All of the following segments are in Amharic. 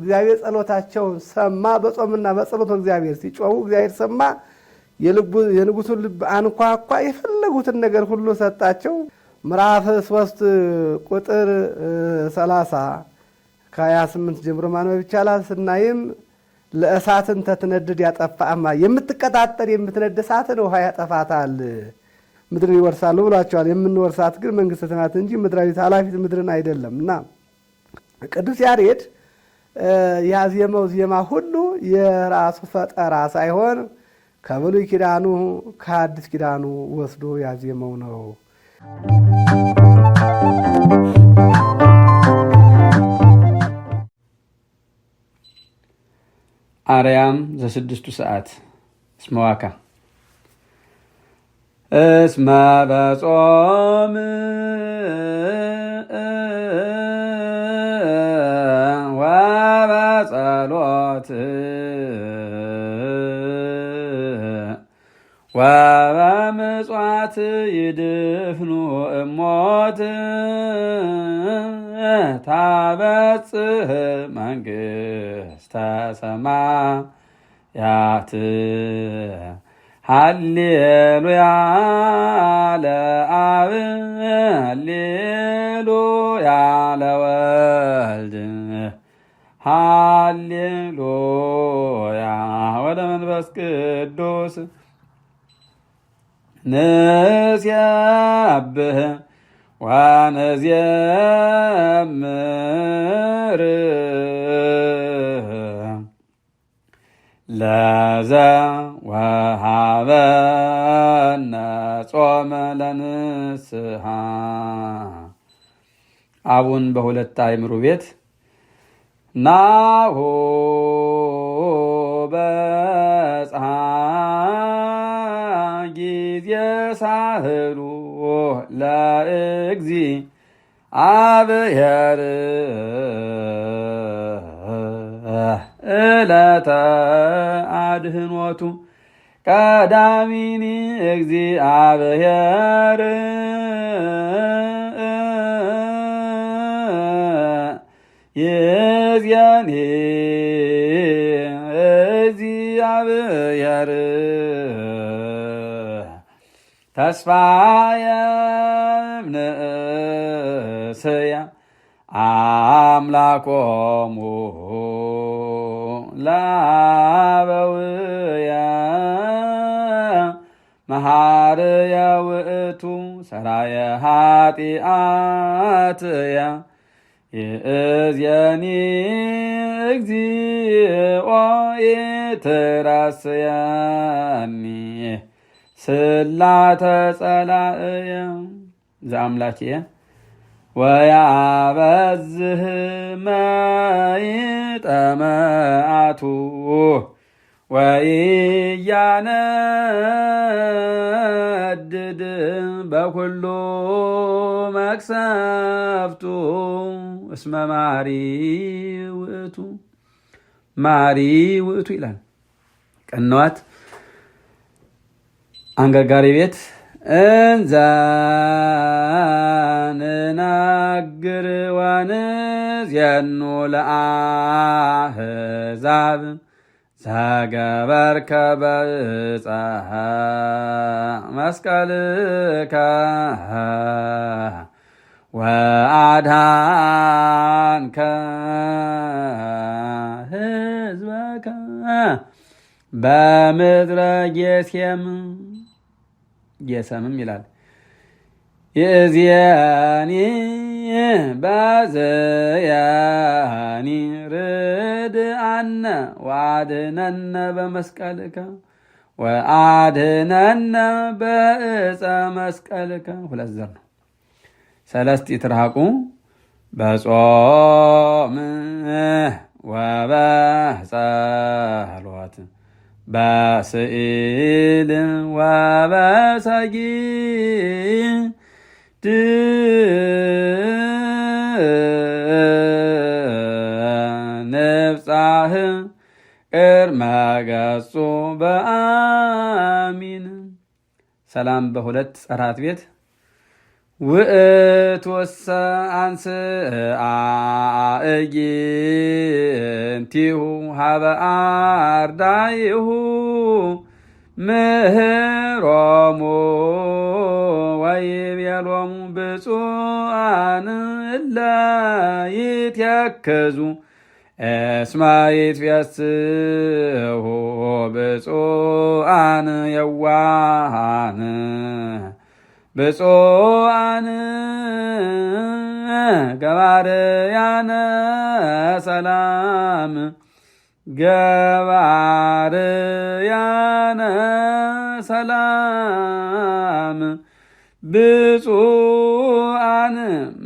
እግዚአብሔር ጸሎታቸውን ሰማ። በጾምና በጸሎት እግዚአብሔር ሲጮሙ እግዚአብሔር ሰማ። የንጉሱን ልብ አንኳኳ። የፈለጉትን ነገር ሁሉ ሰጣቸው። ምዕራፍ ሶስት ቁጥር ሰላሳ ከሀያ ስምንት ጀምሮ ማንበብ ይቻላል። ስናይም ለእሳትን ተትነድድ ያጠፋማ የምትቀጣጠል የምትነድ እሳትን ውሃ ያጠፋታል ምድርን ይወርሳሉ ብሏቸዋል። የምንወርሳት ግን መንግስተ ሰማያት እንጂ ምድራዊት ኃላፊት ምድርን አይደለም እና ቅዱስ ያሬድ ያዜመው ዜማ ሁሉ የራሱ ፈጠራ ሳይሆን ከብሉይ ኪዳኑ ከአዲስ ኪዳኑ ወስዶ ያዜመው ነው። አርያም ዘስድስቱ ሰዓት እስመዋካ እስመ በጾም ወመዓት ወበምጽዋት ይድፍኑ እሞት ታበጽሕ መንግሥተ ሰማያት ሃሌሉያ ለአብ ሃሌሉያ ለወልድ ሃሌሉያ ወደ መንፈስ ቅዱስ ንስያብህ ዋነዝየምር ለዘ ወሃበነ ጾመ ለንስሐ አቡን በሁለት አይምሩ ቤት ናሆ በፀሐይ ጊዜ ሳህሉ ለእግዚ አብሔር እለተ አድህኖቱ ቀዳሚኒ እግዚአብሔር የእግዚአብሔር ተስፋየ እምንእስያ አምላኮሙ ላበውያ መሐርየ ውእቱ ሰራየ ኃጢአትያ የእዝያኒ እግዚኦ የተራሰያኒ ስላተ ጸላእየ ዘአምላክየ ወያበዝህ መይጠመአቱ ወይያነድድ በኩሉ መቅሰፍቱ እስመ ማሪ ውእቱ ማሪ ውእቱ ይላል። ቀነዋት አንገርጋሪ ቤት እንዘ ንናግር ወንዜኑ ለአሕዛብ ሳገበርከ ወአድሃንከ ህዝበከ በምድረ ጌሴም ጌሰምም ይላል። የእዝያኒ ባዘያኒ ርድአነ ወአድነነ በመስቀልከ ወአድነነ በእፀ መስቀልከ። ሁለት ዘር ነው። ሰለስት ይትርሃቁ በጾም ወበጸሎት በስኢል ወበሰጊ ድነብፃህ ቅድመ ገጹ በአሚን ሰላም በሁለት ጸራት ቤት ውእትወሰ አንስአ እጊንቲሁ ሀበ አርዳይሁ ምህሮሙ ወይቤሎሙ ብፁዓን እለ ይትያከዙ እስመ ይትፌስሑ ብፁዓን የዋሃን ብፁዓን ገባርያነ ሰላም ገባርያነ ሰላም ብፁዓን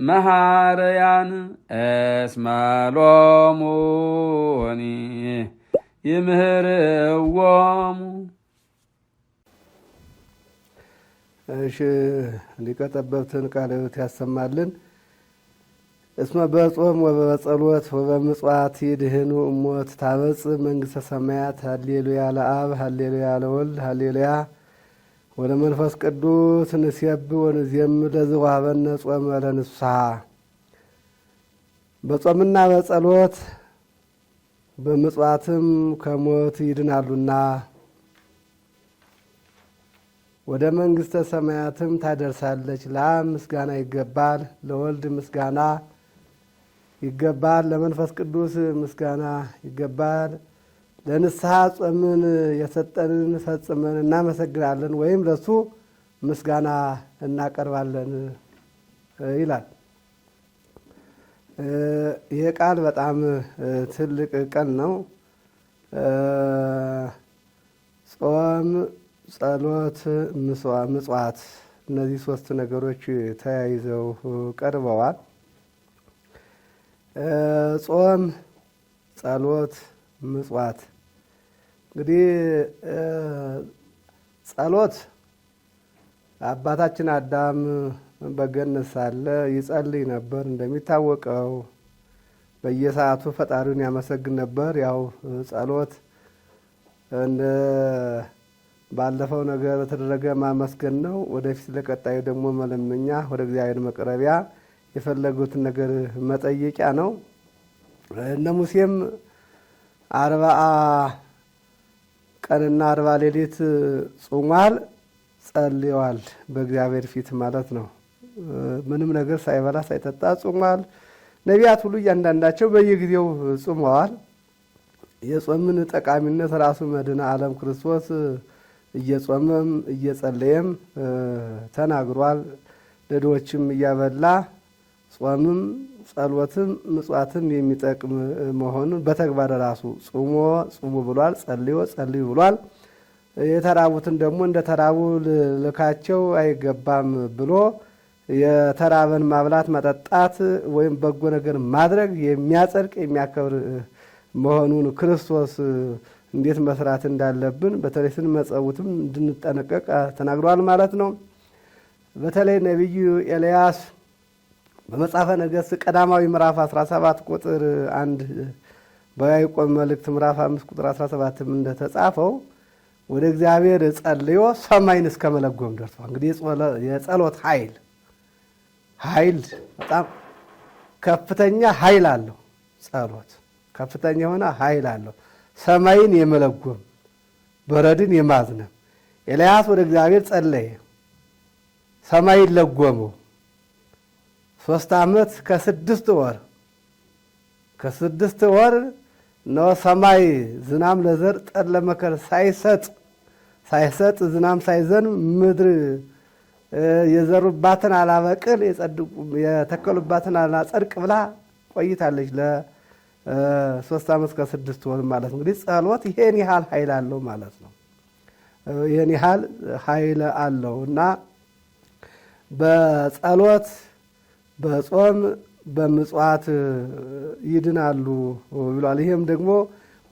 መሃረያን እስማሎሙኒ ይምህርዎሙ። እሺ ሊቀ ጠበብትን ቃለ ሕይወት ያሰማልን። እስመ በጾም ወበጸሎት ወበምጽዋት ይድህኑ እሞት ታበጽ መንግሥተ ሰማያት። ሃሌሉያ ለአብ ሃሌሉያ ለወልድ ሃሌሉያ ወደ መንፈስ ቅዱስ ንሴብ ወንዜም ለዝዋህበነ ጾመ ለንስሐ በጾምና በጸሎት በምጽዋትም ከሞት ይድናሉና ወደ መንግሥተ ሰማያትም ታደርሳለች። ለአብ ምስጋና ይገባል፣ ለወልድ ምስጋና ይገባል፣ ለመንፈስ ቅዱስ ምስጋና ይገባል ለንስሐ ጾምን የሰጠንን ፈጽመን እናመሰግናለን ወይም ለእሱ ምስጋና እናቀርባለን ይላል። ይህ ቃል በጣም ትልቅ ቀን ነው። ጾም፣ ጸሎት፣ ምጽዋት እነዚህ ሶስት ነገሮች ተያይዘው ቀርበዋል። ጾም፣ ጸሎት፣ ምጽዋት እንግዲህ ጸሎት አባታችን አዳም በገነት ሳለ ይጸልይ ነበር። እንደሚታወቀው በየሰዓቱ ፈጣሪውን ያመሰግን ነበር። ያው ጸሎት እንደ ባለፈው ነገር በተደረገ ማመስገን ነው። ወደፊት ለቀጣዩ ደግሞ መለመኛ፣ ወደ እግዚአብሔር መቅረቢያ የፈለጉትን ነገር መጠየቂያ ነው። እነ ሙሴም አርባ ቀንና አርባ ሌሊት ጾሟል፣ ጸልዋል በእግዚአብሔር ፊት ማለት ነው። ምንም ነገር ሳይበላ ሳይጠጣ ጾሟል። ነቢያት ሁሉ እያንዳንዳቸው በየጊዜው ጾመዋል። የጾምን ጠቃሚነት ራሱ መድኃኔ ዓለም ክርስቶስ እየጾመም እየጸለየም ተናግሯል። ለድሆችም እያበላ ጾምም ጸሎትም ምጽዋትም የሚጠቅም መሆኑን በተግባር ራሱ ጾሞ ጹሙ ብሏል፣ ጸልዮ ጸልዩ ብሏል። የተራቡትን ደግሞ እንደ ተራቡ ልካቸው አይገባም ብሎ የተራበን ማብላት፣ መጠጣት ወይም በጎ ነገር ማድረግ የሚያጸድቅ የሚያከብር መሆኑን ክርስቶስ እንዴት መስራት እንዳለብን በተለይ ስንመጸውትም እንድንጠነቀቅ ተናግረዋል ማለት ነው። በተለይ ነቢዩ ኤልያስ በመጽሐፈ ነገሥት ቀዳማዊ ምዕራፍ 17 ቁጥር 1 በያዕቆብ መልእክት ምዕራፍ 5 ቁጥር 17 እንደተጻፈው ወደ እግዚአብሔር ጸልዮ ሰማይን እስከ መለጎም ደርሷል። እንግዲህ የጸሎት ኃይል ኃይል በጣም ከፍተኛ ኃይል አለው። ጸሎት ከፍተኛ የሆነ ኃይል አለው። ሰማይን የመለጎም በረድን የማዝነብ ኤልያስ ወደ እግዚአብሔር ጸለየ፣ ሰማይን ለጎመው ሶስት ዓመት ከስድስት ወር ከስድስት ወር ነው ሰማይ ዝናም ለዘር ጠር ለመከር ሳይሰጥ ሳይሰጥ ዝናም ሳይዘን ምድር የዘሩባትን አላበቅል የተከሉባትን አላጸድቅ ብላ ቆይታለች። ለሶስት ዓመት ከስድስት ወር ማለት ነው። እንግዲህ ጸሎት ይሄን ያህል ኃይል አለው ማለት ነው። ይህን ያህል ኃይል አለው እና በጸሎት በጾም በምጽዋት ይድናሉ ብሏል። ይህም ደግሞ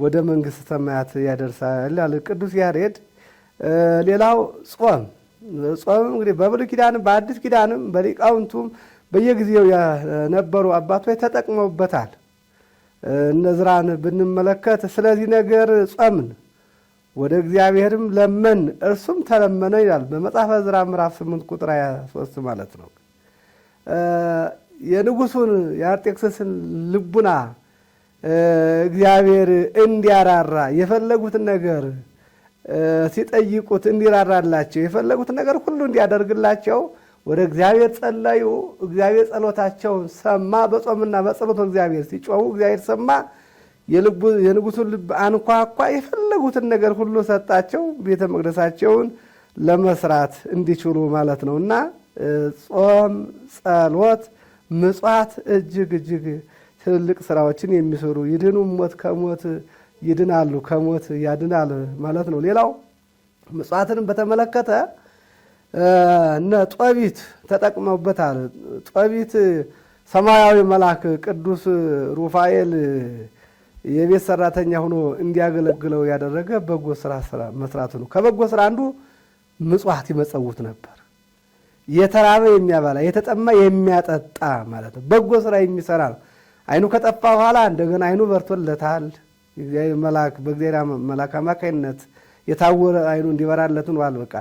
ወደ መንግስት ሰማያት ያደርሳል ያለ ቅዱስ ያሬድ። ሌላው ጾም ጾም እንግዲህ በብሉይ ኪዳንም በአዲስ ኪዳንም በሊቃውንቱም በየጊዜው የነበሩ አባቶች ተጠቅመውበታል። እነዝራን ብንመለከት ስለዚህ ነገር ጾምን፣ ወደ እግዚአብሔርም ለመን፣ እርሱም ተለመነ ይላል በመጽሐፈ ዕዝራ ምዕራፍ ስምንት ቁጥር 23 ማለት ነው። የንጉሱን የአርጤክስስን ልቡና እግዚአብሔር እንዲያራራ የፈለጉትን ነገር ሲጠይቁት እንዲራራላቸው የፈለጉትን ነገር ሁሉ እንዲያደርግላቸው ወደ እግዚአብሔር ጸለዩ። እግዚአብሔር ጸሎታቸውን ሰማ። በጾምና በጸሎት እግዚአብሔር ሲጮሁ እግዚአብሔር ሰማ። የንጉሱን ልብ አንኳኳ። የፈለጉትን ነገር ሁሉ ሰጣቸው፣ ቤተ መቅደሳቸውን ለመስራት እንዲችሉ ማለት ነው እና ጾም፣ ጸሎት፣ ምጽዋት እጅግ እጅግ ትልልቅ ስራዎችን የሚሰሩ ይድኑ ሞት ከሞት ይድናሉ ከሞት ያድናል ማለት ነው። ሌላው ምጽዋትንም በተመለከተ እነ ጦቢት ተጠቅመውበታል። ጦቢት ሰማያዊ መልአክ ቅዱስ ሩፋኤል የቤት ሰራተኛ ሆኖ እንዲያገለግለው ያደረገ በጎ ስራ መስራት ነው። ከበጎ ስራ አንዱ ምጽዋት ይመጸውት ነበር። የተራበ የሚያበላ የተጠማ የሚያጠጣ ማለት ነው። በጎ ስራ የሚሰራ ነው። አይኑ ከጠፋ በኋላ እንደገና አይኑ በርቶለታል። በእግዚአብሔር መላክ አማካኝነት የታወረ አይኑ እንዲበራለት ነዋል። በቃ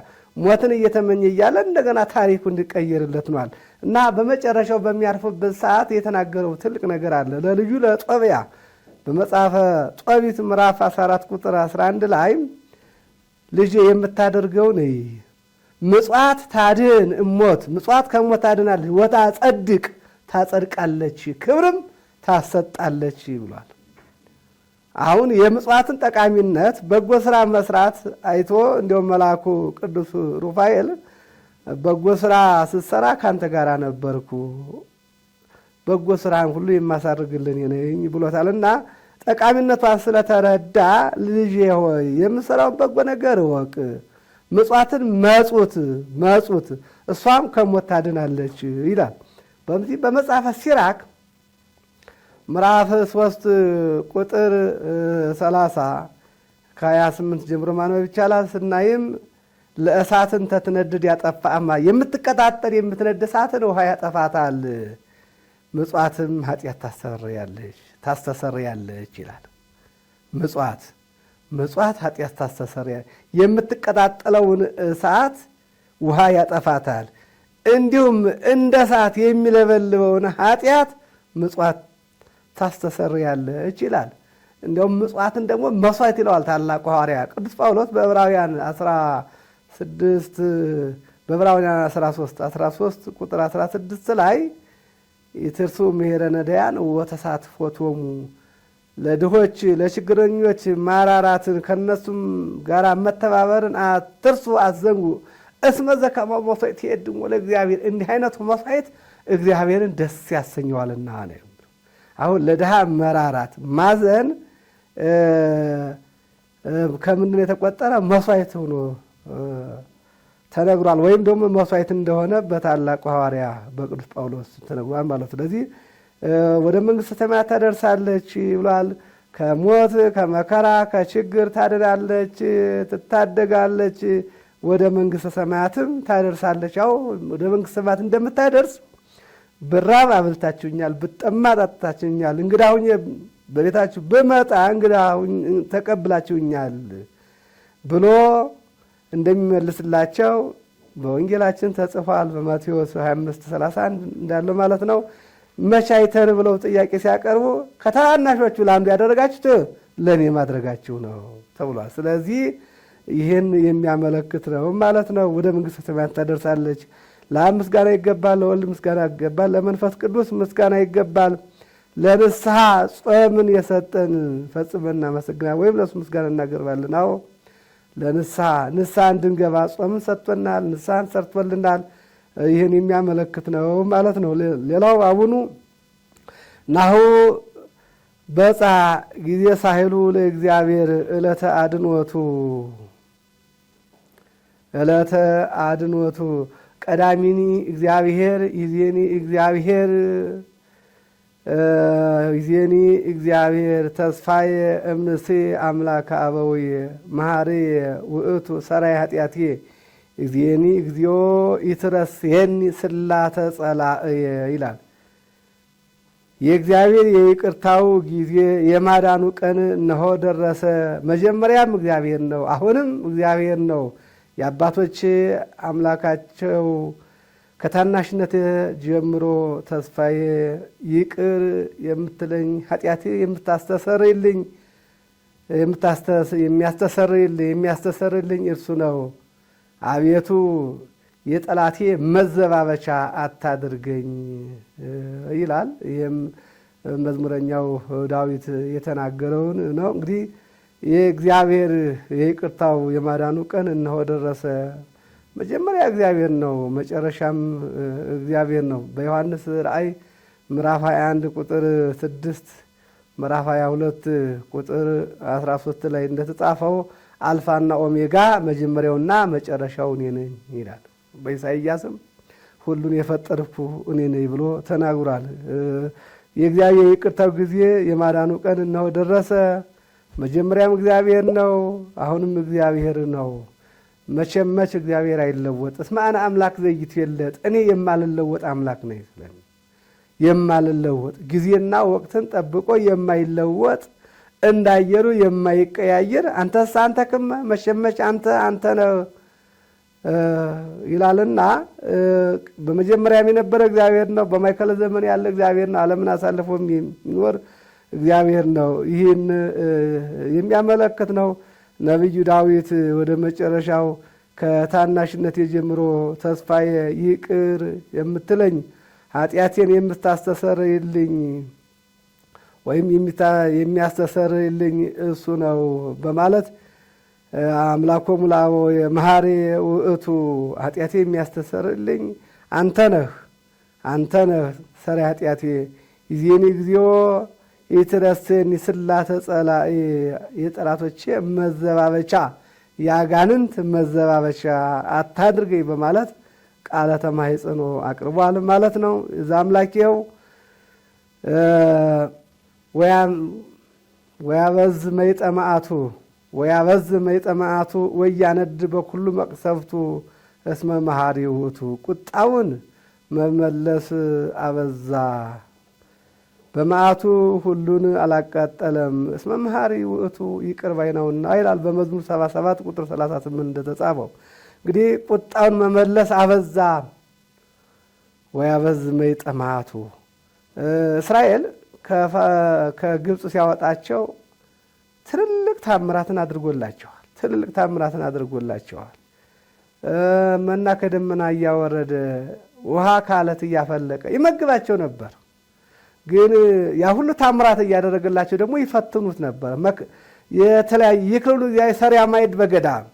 ሞትን እየተመኘ እያለ እንደገና ታሪኩ እንዲቀየርለት ነዋል እና በመጨረሻው በሚያርፍበት ሰዓት የተናገረው ትልቅ ነገር አለ ለልጁ ለጦቢያ በመጽሐፈ ጦቢት ምዕራፍ 14 ቁጥር 11 ላይ ልጅ የምታደርገውን ምጽዋት ታድን እሞት ምጽዋት ከሞት ታድናለች። ወታ ጸድቅ ታጸድቃለች፣ ክብርም ታሰጣለች ብሏል። አሁን የምጽዋትን ጠቃሚነት በጎ ስራ መስራት አይቶ እንዲሁም መልአኩ ቅዱስ ሩፋኤል በጎ ስራ ስትሰራ ካንተ ጋር ነበርኩ በጎ ስራን ሁሉ የማሳርግልን ነኝ ብሎታልና ጠቃሚነቷ ስለተረዳ ልጄ ሆይ የምሰራውን በጎ ነገር እወቅ ምጽዋትን መጹት መጹት እሷም ከሞት ታድናለች ይላል። በዚህ በመጽሐፈ ሲራክ ምዕራፍ ሶስት ቁጥር ሰላሳ ከሀያ ስምንት ጀምሮ ማንበብ ይቻላል። ስናይም ለእሳትን ተትነድድ ያጠፋማ የምትቀጣጠል የምትነድ እሳትን ውሃ ያጠፋታል፣ ምጽዋትም ኃጢአት ታስተሰርያለች ታስተሰርያለች ይላል ምጽዋት መጽዋት ኃጢአት ታስተሰርያ የምትቀጣጠለውን እሳት ውሃ ያጠፋታል። እንዲሁም እንደ እሳት የሚለበልበውን ኃጢአት ምጽዋት ታስተሰርያለች ይላል። እንዲሁም ምጽዋትን ደግሞ መስዋዕት ይለዋል ታላቁ ሐዋርያ ቅዱስ ጳውሎስ በዕብራውያን 16 በዕብራውያን 13 13 ቁጥር 16 ላይ ይትርሱ ምሄረ ነዳያን ወተሳትፎቶሙ ለድሆች ለችግረኞች ማራራትን ከነሱም ጋር መተባበርን አትርሱ፣ አትዘንጉ። እስመ ዘከመ መሥዋዕት የድሞ ለእግዚአብሔር እንዲህ አይነቱ መሥዋዕት እግዚአብሔርን ደስ ያሰኘዋልና አለ። አሁን ለድሃ መራራት ማዘን ከምንድን የተቆጠረ መሥዋዕት ሆኖ ተነግሯል። ወይም ደግሞ መሥዋዕት እንደሆነ በታላቁ ሐዋርያ በቅዱስ ጳውሎስ ተነግሯል ማለት ስለዚህ ወደ መንግስት ሰማያት ታደርሳለች ብሏል ከሞት ከመከራ ከችግር ታድናለች፣ ትታደጋለች፣ ወደ መንግስተ ሰማያትም ታደርሳለች። ያው ወደ መንግሥተ ሰማያት እንደምታደርስ ብራብ አብልታችሁኛል፣ ብጠማ ጠጥታችሁኛል፣ እንግዳ ሁኜ በቤታችሁ ብመጣ እንግዳ ተቀብላችሁኛል ብሎ እንደሚመልስላቸው በወንጌላችን ተጽፏል። በማቴዎስ 25 31 እንዳለው ማለት ነው። መቻይተር ብለው ጥያቄ ሲያቀርቡ ከታናሾቹ ለአንዱ ያደረጋችሁት ለእኔ ማድረጋችሁ ነው ተብሏል። ስለዚህ ይህን የሚያመለክት ነው ማለት ነው። ወደ መንግሥተ ሰማያት ታደርሳለች። ለአብ ምስጋና ይገባል፣ ለወልድ ምስጋና ይገባል፣ ለመንፈስ ቅዱስ ምስጋና ይገባል። ለንስሐ ጾምን የሰጠን ፈጽመን እናመሰግናል፣ ወይም ለሱ ምስጋና እናገርባለን። አዎ ለንስሐ ንስሐ እንድንገባ ጾምን ሰጥቶናል፣ ንስሐን ሰርቶልናል። ይህን የሚያመለክት ነው ማለት ነው። ሌላው አቡኑ ናሁ በፃ ጊዜ ሳይሉ ለእግዚአብሔር ዕለተ አድንወቱ ዕለተ አድንወቱ ቀዳሚኒ እግዚአብሔር ይዜኒ እግዚአብሔር ይዜኒ እግዚአብሔር ተስፋዬ እምንሴ አምላክ አበውየ መሐርየ ውእቱ ሰራይ ኃጢአትየ እግዚኒ እግዚኦ ይትረስየኒ ስላተ ጸላእየ ይላል። የእግዚአብሔር የይቅርታው ጊዜ የማዳኑ ቀን እነሆ ደረሰ። መጀመሪያም እግዚአብሔር ነው፣ አሁንም እግዚአብሔር ነው። የአባቶች አምላካቸው ከታናሽነት ጀምሮ ተስፋዬ ይቅር የምትለኝ ኃጢአቴ የምታስተሰርይልኝ የሚያስተሰርይልኝ እርሱ ነው አቤቱ የጠላቴ መዘባበቻ አታድርገኝ ይላል። ይህም መዝሙረኛው ዳዊት የተናገረውን ነው። እንግዲህ የእግዚአብሔር የይቅርታው የማዳኑ ቀን እነሆ ደረሰ። መጀመሪያ እግዚአብሔር ነው፣ መጨረሻም እግዚአብሔር ነው። በዮሐንስ ራእይ ምዕራፍ 21 ቁጥር 6 ምዕራፍ 22 ቁጥር 13 ላይ እንደተጻፈው አልፋና ኦሜጋ መጀመሪያውና መጨረሻው እኔ ነኝ ይላል። በኢሳይያስም ሁሉን የፈጠርኩ እኔ ነኝ ብሎ ተናግሯል። የእግዚአብሔር ይቅርታው ጊዜ የማዳኑ ቀን እነሆ ደረሰ። መጀመሪያም እግዚአብሔር ነው፣ አሁንም እግዚአብሔር ነው። መቼም መች እግዚአብሔር አይለወጥ። እስመ አነ አምላክ የለጥ እኔ የማልለወጥ አምላክ ነኝ። ስለሚ የማልለወጥ ጊዜና ወቅትን ጠብቆ የማይለወጥ እንዳየሩ አየሩ የማይቀያየር አንተስ አንተ ክመ መሸመች አንተ አንተ ነው ይላልና በመጀመሪያም የነበረ እግዚአብሔር ነው። በማይከለ ዘመን ያለ እግዚአብሔር ነው። ዓለምን አሳልፎ የሚኖር እግዚአብሔር ነው። ይህን የሚያመለክት ነው። ነቢዩ ዳዊት ወደ መጨረሻው ከታናሽነት የጀምሮ ተስፋዬ ይቅር የምትለኝ ኃጢአቴን የምታስተሰርይልኝ ወይም የሚያስተሰርልኝ እሱ ነው በማለት አምላኮ ለአቦ የመሐሪ ውእቱ ኃጢአቴ የሚያስተሰርልኝ አንተ ነህ፣ አንተ ነህ ሰሪ ኃጢአቴ ይዜኒ ጊዜዮ ይትረስኒ ስላተ ጸላ የጠላቶቼ መዘባበቻ የአጋንንት መዘባበቻ አታድርገኝ በማለት ቃለ ተማይጽኖ አቅርቧል ማለት ነው። እዛ አምላኬው ወያበዝ መይጠማአቱ ወያበዝ መይጠማአቱ ወያነድ በኩሉ መቅሰፍቱ እስመ መሃሪ ውቱ ቁጣውን መመለስ አበዛ በመዓቱ ሁሉን አላቃጠለም። እስመ መሃሪ ውእቱ ይቅር ባይ ነውና ይላል በመዝሙር 77 ቁጥር 38 እንደተጻፈው። እንግዲህ ቁጣውን መመለስ አበዛ ወያበዝ መይጠማአቱ እስራኤል ከግብፅ ሲያወጣቸው ትልልቅ ታምራትን አድርጎላቸዋል። ትልልቅ ታምራትን አድርጎላቸዋል። መና ከደመና እያወረደ ውሃ ካለት እያፈለቀ ይመግባቸው ነበር። ግን ያ ሁሉ ታምራት እያደረገላቸው ደግሞ ይፈትኑት ነበር። የተለያዩ ይክልሉ ሰሪያ ማይድ በገዳም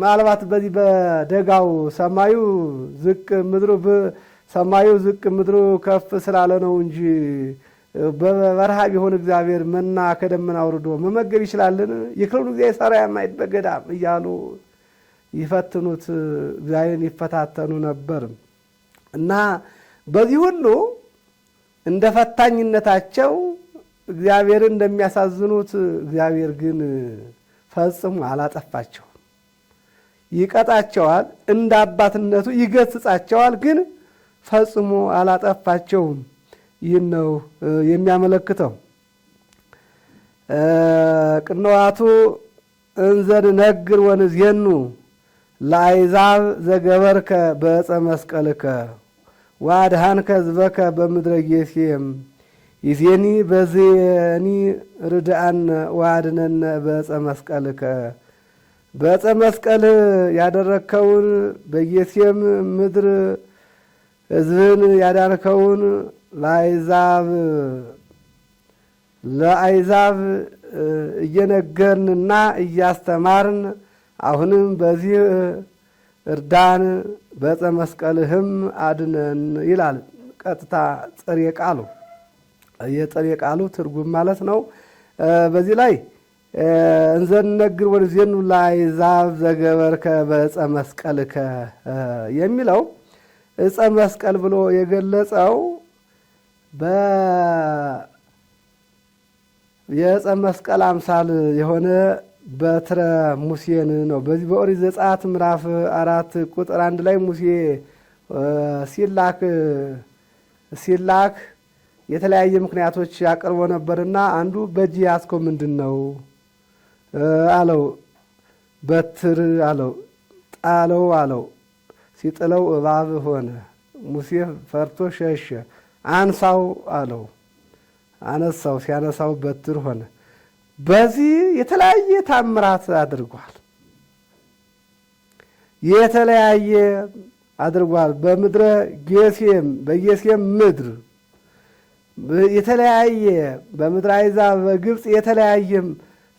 ምናልባት በዚህ በደጋው ሰማዩ ዝቅ ምድሩ ሰማዩ ዝቅ ምድሩ ከፍ ስላለ ነው እንጂ በረሃብ የሆነ እግዚአብሔር መና ከደመና አውርዶ መመገብ ይችላልን? የክረሉ እግዚአብሔር ሰራያም አይበገዳም እያሉ ይፈትኑት እግዚአብሔርን ይፈታተኑ ነበር እና በዚህ ሁሉ እንደ ፈታኝነታቸው እግዚአብሔርን እንደሚያሳዝኑት እግዚአብሔር ግን ፈጽሞ አላጠፋቸውም። ይቀጣቸዋል፣ እንደ አባትነቱ ይገስጻቸዋል ግን ፈጽሞ አላጠፋቸውም። ይህን ነው የሚያመለክተው። ቅንዋቱ እንዘን ነግር ወንዜኑ ለአይዛብ ዘገበርከ በዕፀ መስቀልከ ዋድሃንከ ዝበከ በምድረ ጌሴም ይዜኒ በዜኒ ርድአነ ዋድነነ በዕፀ መስቀልከ በዕፀ መስቀል ያደረግከውን በጌሴም ምድር ህዝብን ያዳርከውን ለአይዛብ ለአይዛብ እየነገርንና እያስተማርን አሁንም በዚህ እርዳን፣ በዕፀ መስቀልህም አድነን ይላል። ቀጥታ ጥሬ ቃሉ የጥሬ ቃሉ ትርጉም ማለት ነው። በዚህ ላይ እንዘንነግር ወደዜኑ ዜኑ ለአይዛብ ዘገበርከ በዕፀ መስቀልከ የሚለው ዕፀ መስቀል ብሎ የገለጸው የዕፀ መስቀል አምሳል የሆነ በትረ ሙሴን ነው። በዚህ በኦሪት ዘጸአት ምዕራፍ አራት ቁጥር አንድ ላይ ሙሴ ሲላክ ሲላክ የተለያየ ምክንያቶች ያቀርቦ ነበርና አንዱ በእጅ ያዝከው ምንድን ነው አለው። በትር አለው። ጣለው አለው። ሲጥለው እባብ ሆነ። ሙሴ ፈርቶ ሸሸ። አንሳው አለው፣ አነሳው። ሲያነሳው በትር ሆነ። በዚህ የተለያየ ታምራት አድርጓል። የተለያየ አድርጓል። በምድረ ጌሴም በጌሴም ምድር የተለያየ በምድረ አይዛ በግብፅ የተለያየም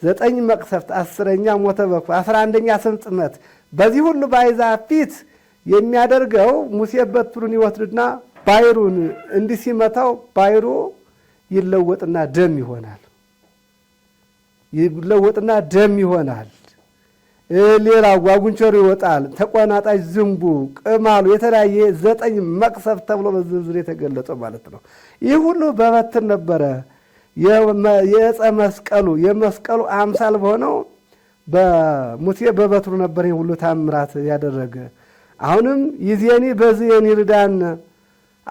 ዘጠኝ መቅሰፍት፣ አስረኛ ሞተ በኩር፣ አስራ አንደኛ ስምጥመት በዚህ ሁሉ ባይዛ ፊት የሚያደርገው ሙሴ በትሩን ይወስድና ባይሩን እንዲህ ሲመታው ባይሩ ይለወጥና ደም ይሆናል። ይለወጥና ደም ይሆናል። ሌላ ጓጉንቸሩ ይወጣል። ተቆናጣጭ ዝንቡ፣ ቅማሉ፣ የተለያየ ዘጠኝ መቅሰፍ ተብሎ በዝርዝር የተገለጸ ማለት ነው። ይህ ሁሉ በበትር ነበረ። የእፀ መስቀሉ የመስቀሉ አምሳል በሆነው በሙሴ በበትሩ ነበር ይህ ሁሉ ታምራት ያደረገ። አሁንም ይዜኒ በዚየኒ ርዳነ፣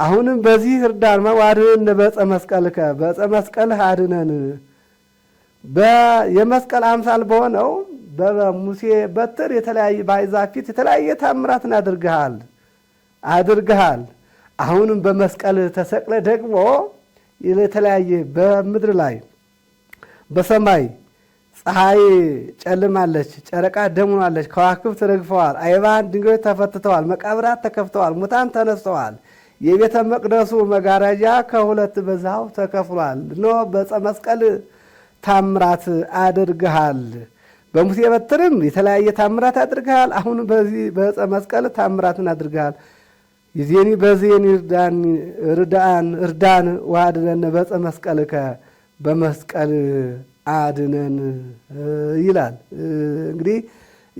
አሁንም በዚህ እርዳን። ዋድህነ በፀ መስቀልከ፣ በፀ መስቀልህ አድነን። የመስቀል አምሳል በሆነው በሙሴ በትር የተለያየ በአሕዛብ ፊት የተለያየ ታምራትን አድርግሃል አድርግሃል። አሁንም በመስቀል ተሰቅለ ደግሞ የተለያየ በምድር ላይ በሰማይ ፀሐይ ጨልማለች፣ ጨረቃ ደም ሆናለች፣ ከዋክብት ረግፈዋል፣ አይባን ድንጋዮች ተፈትተዋል፣ መቃብራት ተከፍተዋል፣ ሙታን ተነስተዋል። የቤተ መቅደሱ መጋረጃ ከሁለት በዛው ተከፍሏል። ኖ በፀ መስቀል ታምራት አድርግሃል። በሙሴ በትርም የተለያየ ታምራት አድርግሃል። አሁን በዚህ በፀ መስቀል ታምራትን አድርግሃል። ይዜኒ በዜኒ እርዳን እርዳን ዋድነን በፀ መስቀልከ በመስቀል አድነን ይላል። እንግዲህ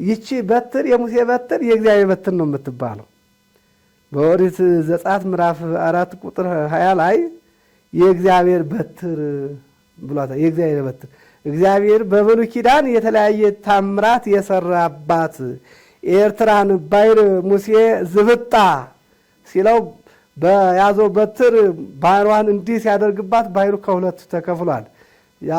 ይቺ በትር የሙሴ በትር የእግዚአብሔር በትር ነው የምትባለው። በኦሪት ዘጸአት ምዕራፍ አራት ቁጥር ሀያ ላይ የእግዚአብሔር በትር ብሏታል። የእግዚአብሔር በትር እግዚአብሔር በብሉይ ኪዳን የተለያየ ታምራት የሰራባት ኤርትራን ባይር ሙሴ ዝብጣ ሲለው በያዘው በትር ባይሯን እንዲህ ሲያደርግባት ባይሩ ከሁለት ተከፍሏል። ያ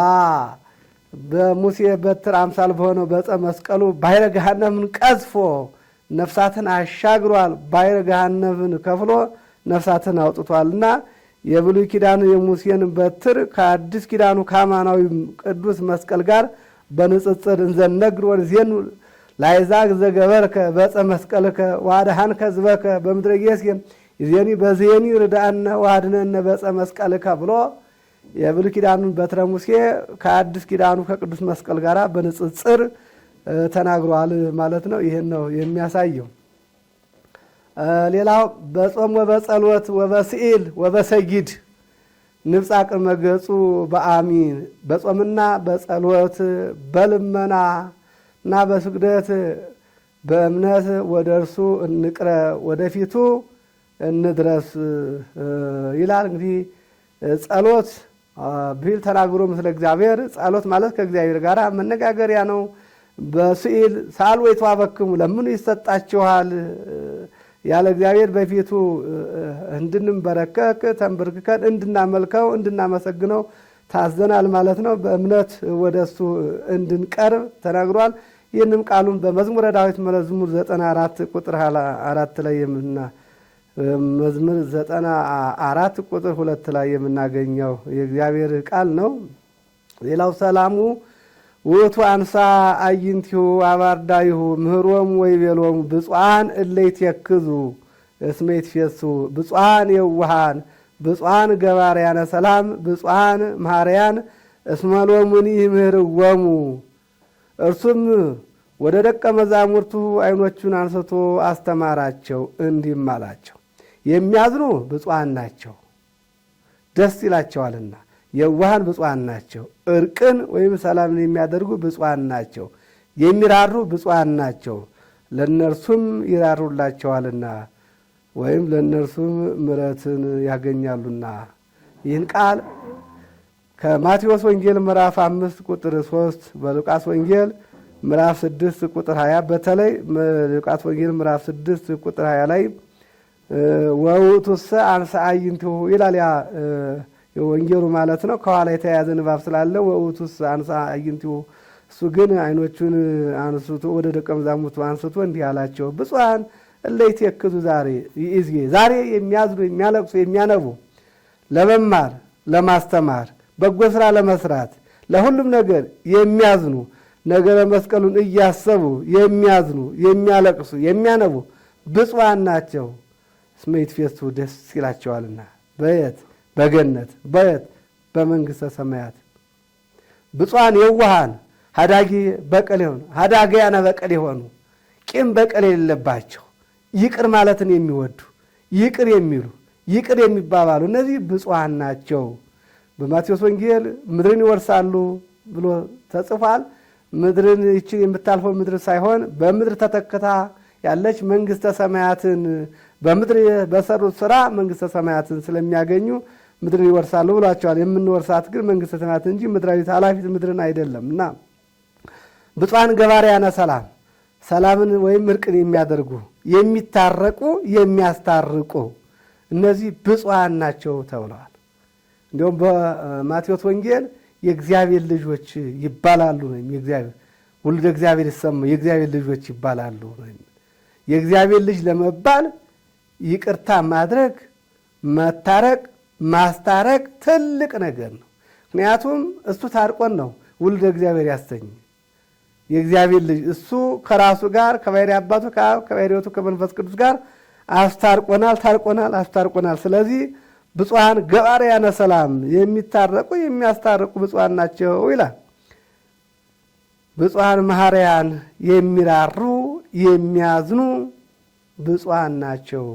በሙሴ በትር አምሳል በሆነው በፀ መስቀሉ ባሕረ ገሃነምን ቀዝፎ ነፍሳትን አሻግሯል። ባሕረ ገሃነምን ከፍሎ ነፍሳትን አውጥቷልና የብሉይ ኪዳኑ የሙሴን በትር ከአዲስ ኪዳኑ ከአማናዊ ቅዱስ መስቀል ጋር በንጽጽር እንዘነግር ወንዜኑ ላይዛግ ዘገበርከ በፀ መስቀልከ ዋድሃንከ ሕዝበከ በምድረ ጌሤም ዜኒ በዜኒ ርዳአነ ዋድነነ በፀ መስቀልከ ብሎ የብሉይ ኪዳኑን በትረ ሙሴ ከአዲስ ኪዳኑ ከቅዱስ መስቀል ጋር በንጽጽር ተናግሯል ማለት ነው። ይህን ነው የሚያሳየው። ሌላው በጾም ወበጸሎት ወበስዒል ወበሰጊድ ንብጻ ቅድመ ገጹ በአሚን በጾምና በጸሎት በልመና እና በስግደት በእምነት ወደ እርሱ እንቅረ ወደፊቱ እንድረስ ይላል እንግዲህ ጸሎት ብል ተናግሮ ምስለ እግዚአብሔር ጸሎት ማለት ከእግዚአብሔር ጋር መነጋገሪያ ነው። በስዕል ሳል ወይ ተዋበክሙ ለምኑ ይሰጣችኋል። ያለ እግዚአብሔር በፊቱ እንድንበረከክ ተንበርክከን እንድናመልከው እንድናመሰግነው ታዘናል ማለት ነው። በእምነት ወደ እሱ እንድንቀርብ ተናግሯል። ይህንም ቃሉን በመዝሙረ ዳዊት መዝሙር 94 ቁጥር 4 ላይ የምና መዝሙር ዘጠና አራት ቁጥር ሁለት ላይ የምናገኘው የእግዚአብሔር ቃል ነው። ሌላው ሰላሙ ውእቱ አንሳ አይንቲሁ አባርዳይሁ ምህሮም ወይ ወይቤሎሙ ብፁዓን የክዙ እስመ ይትፌሱ ብፁዓን የዋሃን ብፁዓን ገባርያነ ሰላም ብፁዓን ማርያን እስመሎሙኒ ሎሙኒ ምህርወሙ እርሱም ወደ ደቀ መዛሙርቱ ዓይኖቹን አንስቶ አስተማራቸው እንዲህም አላቸው የሚያዝኑ ብፁዓን ናቸው ደስ ይላቸዋልና። የዋሃን ብፁዓን ናቸው። እርቅን ወይም ሰላምን የሚያደርጉ ብፁዓን ናቸው። የሚራሩ ብፁዓን ናቸው፣ ለእነርሱም ይራሩላቸዋልና ወይም ለእነርሱም ምረትን ያገኛሉና። ይህን ቃል ከማቴዎስ ወንጌል ምዕራፍ አምስት ቁጥር ሶስት በሉቃስ ወንጌል ምዕራፍ ስድስት ቁጥር ሀያ በተለይ ሉቃስ ወንጌል ምዕራፍ ስድስት ቁጥር ሀያ ላይ ወውቱሰ አንሰ አዕይንቲሁ ይላል ያ የወንጌሉ ማለት ነው። ከኋላ የተያያዘ ንባብ ስላለ ወውቱሰ አንሳ አዕይንቲሁ እሱ ግን አይኖቹን አንስቶ ወደ ደቀ መዛሙርቱ አንስቶ እንዲህ አላቸው፣ ብፁዓን የክዙ ዛሬ ይእዜ፣ ዛሬ የሚያዝኑ የሚያለቅሱ የሚያነቡ ለመማር ለማስተማር በጎ ስራ ለመስራት ለሁሉም ነገር የሚያዝኑ ነገረ መስቀሉን እያሰቡ የሚያዝኑ የሚያለቅሱ የሚያነቡ ብፁዓን ናቸው። ስሜት ፌስቱ ደስ ይላቸዋልና በየት በገነት በየት በመንግሥተ ሰማያት ብፁዓን የዋሃን ሀዳጊ በቀል ሆኑ ሀዳጊያነ በቀል የሆኑ ቂም በቀል የሌለባቸው ይቅር ማለትን የሚወዱ ይቅር የሚሉ ይቅር የሚባባሉ እነዚህ ብፁዓን ናቸው። በማቴዎስ ወንጌል ምድርን ይወርሳሉ ብሎ ተጽፏል። ምድርን ይችን የምታልፈው ምድር ሳይሆን በምድር ተተክታ ያለች መንግሥተ ሰማያትን በምድር በሰሩት ስራ መንግስተ ሰማያትን ስለሚያገኙ ምድርን ይወርሳሉ ብሏቸዋል። የምንወርሳት ግን መንግስተ ሰማያት እንጂ ምድራዊት ኃላፊት ምድርን አይደለም እና ብፁዓን ገባርያነ ሰላም ሰላምን ወይም እርቅን የሚያደርጉ የሚታረቁ፣ የሚያስታርቁ እነዚህ ብፁዓን ናቸው ተብለዋል። እንዲሁም በማቴዎስ ወንጌል የእግዚአብሔር ልጆች ይባላሉ የእግዚአብሔር ሁሉ እግዚአብሔር ይሰማ የእግዚአብሔር ልጆች ይባላሉ የእግዚአብሔር ልጅ ለመባል ይቅርታ ማድረግ፣ መታረቅ፣ ማስታረቅ ትልቅ ነገር ነው። ምክንያቱም እሱ ታርቆን ነው ውልደ እግዚአብሔር ያሰኝ የእግዚአብሔር ልጅ እሱ ከራሱ ጋር ከባሕርይ አባቱ ከአብ ከባሕርይ ሕይወቱ ከመንፈስ ቅዱስ ጋር አስታርቆናል፣ ታርቆናል፣ አስታርቆናል። ስለዚህ ብፁዓን ገባርያነ ሰላም የሚታረቁ የሚያስታርቁ ብፁዓን ናቸው ይላል። ብፁዓን መሐርያን የሚራሩ የሚያዝኑ ብፁዓን ናቸው።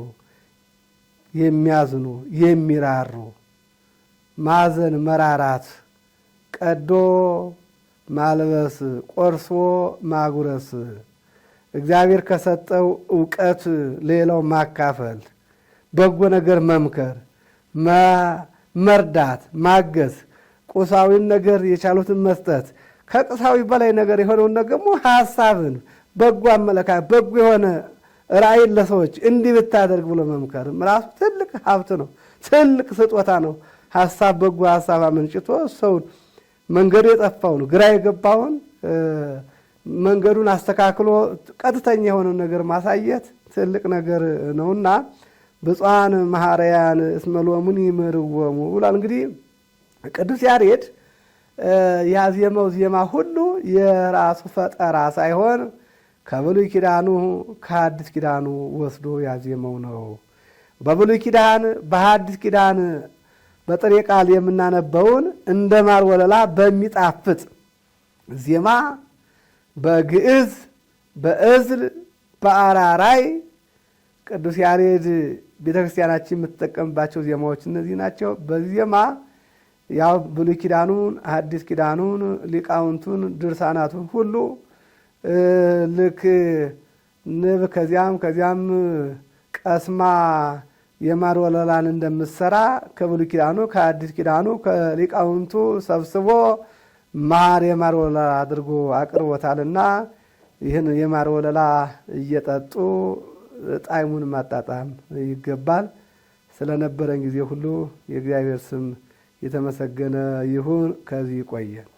የሚያዝኑ የሚራሩ ማዘን መራራት ቀዶ ማልበስ ቆርሶ ማጉረስ እግዚአብሔር ከሰጠው እውቀት ሌላው ማካፈል በጎ ነገር መምከር መርዳት ማገዝ ቁሳዊን ነገር የቻሉትን መስጠት ከቁሳዊ በላይ ነገር የሆነውን ደግሞ ሀሳብን በጎ አመለካከት በጎ የሆነ ራእይን ለሰዎች እንዲህ ብታደርግ ብሎ መምከርም ራሱ ትልቅ ሀብት ነው፣ ትልቅ ስጦታ ነው። ሀሳብ በጎ ሀሳብ አመንጭቶ ሰውን መንገዱ የጠፋውን ግራ የገባውን መንገዱን አስተካክሎ ቀጥተኛ የሆነውን ነገር ማሳየት ትልቅ ነገር ነውና ብፁዓን መሐረያን እስመሎሙን ይመርወሙ ብሏል። እንግዲህ ቅዱስ ያሬድ ያዜመው ዜማ ሁሉ የራሱ ፈጠራ ሳይሆን ከብሉይ ኪዳኑ ከሐዲስ ኪዳኑ ወስዶ ያዜመው ነው። በብሉይ ኪዳን በሐዲስ ኪዳን በጥሬ ቃል የምናነበውን እንደ ማር ወለላ በሚጣፍጥ ዜማ በግዕዝ በእዝል በአራራይ ቅዱስ ያሬድ ቤተ ክርስቲያናችን የምትጠቀምባቸው ዜማዎች እነዚህ ናቸው። በዜማ ያው ብሉይ ኪዳኑን ሐዲስ ኪዳኑን ሊቃውንቱን ድርሳናቱን ሁሉ ልክ ንብ ከዚያም ከዚያም ቀስማ የማር ወለላን እንደምትሰራ ከብሉይ ኪዳኑ ከአዲስ ኪዳኑ ከሊቃውንቱ ሰብስቦ ማር የማር ወለላ አድርጎ አቅርቦታልና ይህን የማር ወለላ እየጠጡ ጣዕሙን ማጣጣም ይገባል። ስለነበረን ጊዜ ሁሉ የእግዚአብሔር ስም የተመሰገነ ይሁን። ከዚህ ይቆየን።